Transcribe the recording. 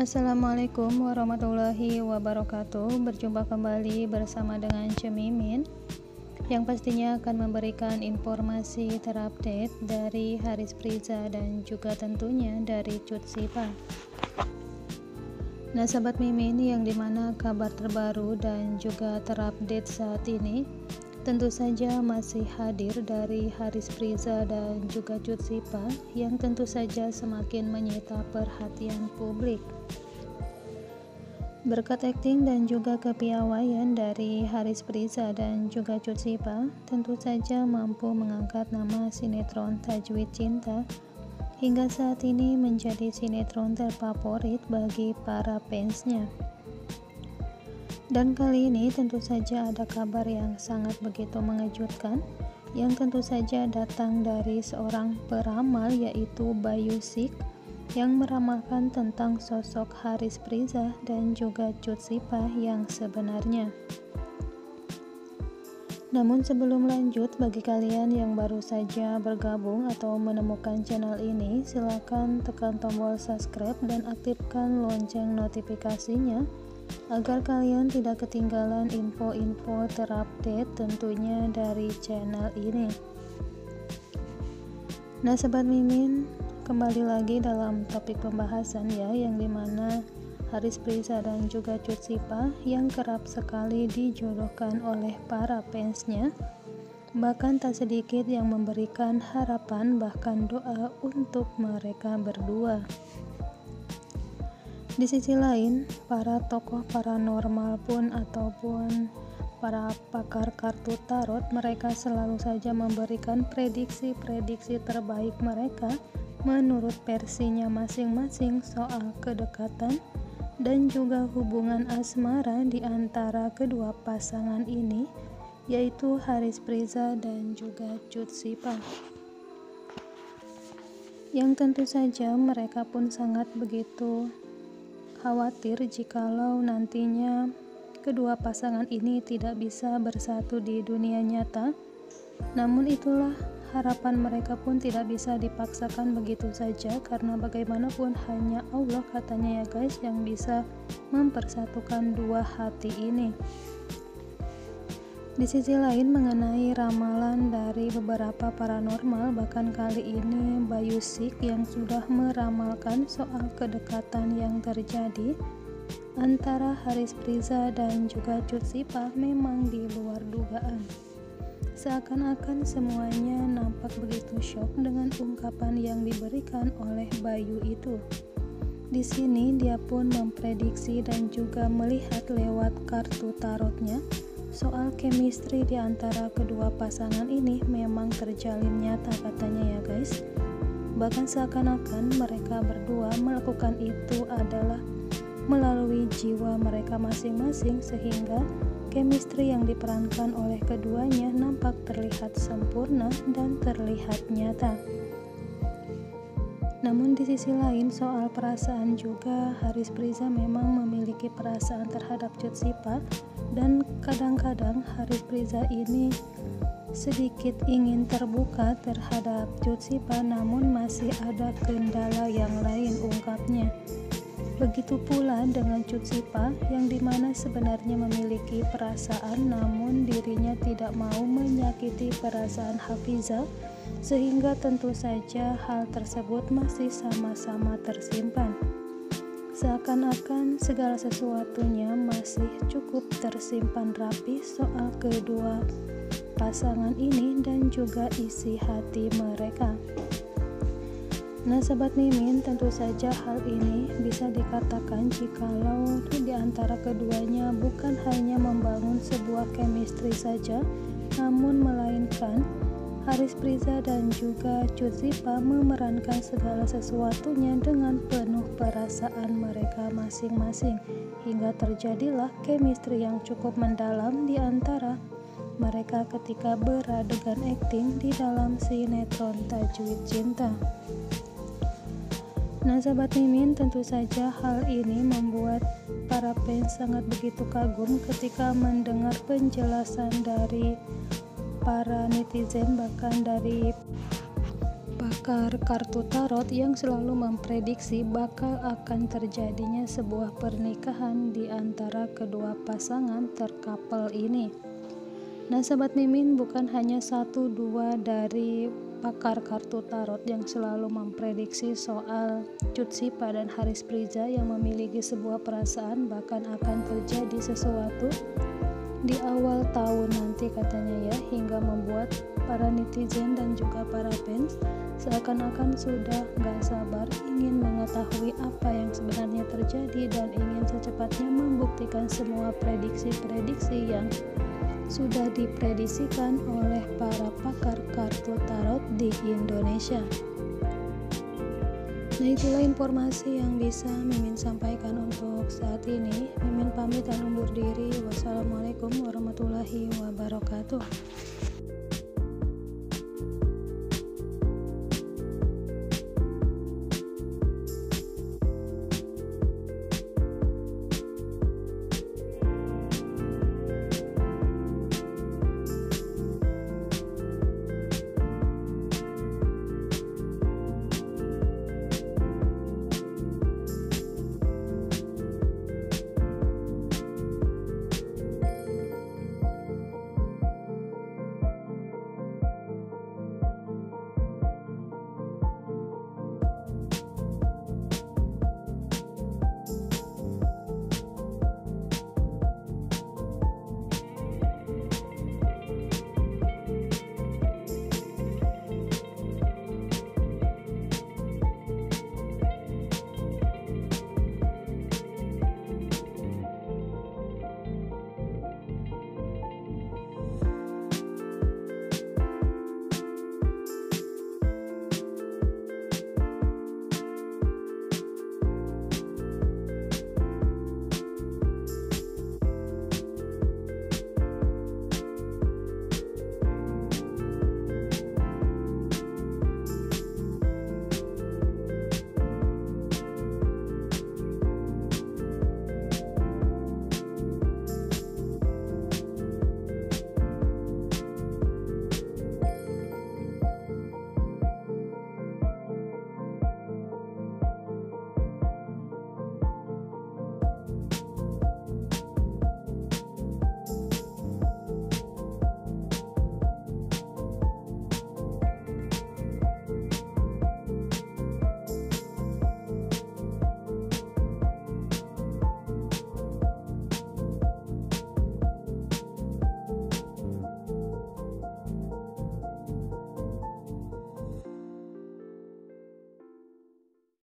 Assalamualaikum warahmatullahi wabarakatuh. Berjumpa kembali bersama dengan Cemimin yang pastinya akan memberikan informasi terupdate dari Haris Priza dan juga tentunya dari Cut Sipa. Nah, sahabat Mimin yang dimana kabar terbaru dan juga terupdate saat ini Tentu saja masih hadir dari Haris Priza dan juga Cut yang tentu saja semakin menyita perhatian publik. Berkat akting dan juga kepiawaian dari Haris Priza dan juga Cut tentu saja mampu mengangkat nama sinetron Tajwid Cinta hingga saat ini menjadi sinetron terfavorit bagi para fansnya. Dan kali ini tentu saja ada kabar yang sangat begitu mengejutkan yang tentu saja datang dari seorang peramal yaitu Bayu Sik yang meramalkan tentang sosok Haris Priza dan juga Cut yang sebenarnya. Namun sebelum lanjut, bagi kalian yang baru saja bergabung atau menemukan channel ini, silakan tekan tombol subscribe dan aktifkan lonceng notifikasinya agar kalian tidak ketinggalan info-info terupdate tentunya dari channel ini. Nah, sobat mimin, kembali lagi dalam topik pembahasan ya yang dimana Haris Prisa dan juga Cut Sipa yang kerap sekali dijodohkan oleh para fansnya bahkan tak sedikit yang memberikan harapan bahkan doa untuk mereka berdua di sisi lain, para tokoh paranormal pun ataupun para pakar kartu tarot, mereka selalu saja memberikan prediksi-prediksi terbaik mereka menurut versinya masing-masing soal kedekatan dan juga hubungan asmara di antara kedua pasangan ini, yaitu Haris Priza dan juga Jutsipa, Sipa. Yang tentu saja mereka pun sangat begitu khawatir jikalau nantinya kedua pasangan ini tidak bisa bersatu di dunia nyata. Namun itulah harapan mereka pun tidak bisa dipaksakan begitu saja karena bagaimanapun hanya Allah katanya ya guys yang bisa mempersatukan dua hati ini di sisi lain mengenai ramalan dari beberapa paranormal bahkan kali ini Bayu Sik yang sudah meramalkan soal kedekatan yang terjadi antara Haris Priza dan juga Cut Sipa memang di luar dugaan. Seakan-akan semuanya nampak begitu shock dengan ungkapan yang diberikan oleh Bayu itu. Di sini dia pun memprediksi dan juga melihat lewat kartu tarotnya Soal chemistry di antara kedua pasangan ini memang terjalin nyata katanya ya guys. Bahkan seakan-akan mereka berdua melakukan itu adalah melalui jiwa mereka masing-masing sehingga chemistry yang diperankan oleh keduanya nampak terlihat sempurna dan terlihat nyata. Namun di sisi lain soal perasaan juga Haris Priza memang memiliki perasaan terhadap Cutsipa dan kadang-kadang hari Priza ini sedikit ingin terbuka terhadap Jotsipa namun masih ada kendala yang lain ungkapnya. Begitu pula dengan Cutsipa yang dimana sebenarnya memiliki perasaan namun dirinya tidak mau menyakiti perasaan Hafiza sehingga tentu saja hal tersebut masih sama-sama tersimpan. Seakan-akan segala sesuatunya masih cukup tersimpan rapi soal kedua pasangan ini dan juga isi hati mereka. Nah, sahabat mimin, tentu saja hal ini bisa dikatakan jikalau di antara keduanya bukan hanya membangun sebuah chemistry saja, namun melainkan Aris Priza dan juga Cuzipa memerankan segala sesuatunya dengan penuh perasaan mereka masing-masing hingga terjadilah chemistry yang cukup mendalam di antara mereka ketika beradegan akting di dalam sinetron Tajwid Cinta. Nah sahabat mimin tentu saja hal ini membuat para fans sangat begitu kagum ketika mendengar penjelasan dari para netizen bahkan dari pakar kartu tarot yang selalu memprediksi bakal akan terjadinya sebuah pernikahan di antara kedua pasangan terkapel ini. Nah, sahabat mimin bukan hanya satu dua dari pakar kartu tarot yang selalu memprediksi soal Cut Sipa dan Haris Prija yang memiliki sebuah perasaan bahkan akan terjadi sesuatu di awal tahun nanti katanya ya hingga membuat para netizen dan juga para fans seakan-akan sudah gak sabar ingin mengetahui apa yang sebenarnya terjadi dan ingin secepatnya membuktikan semua prediksi-prediksi yang sudah diprediksikan oleh para pakar kartu tarot di Indonesia. Nah itulah informasi yang bisa Mimin sampaikan untuk saat ini. Mimin pamit dan undur diri. Wassalamualaikum warahmatullahi wabarakatuh.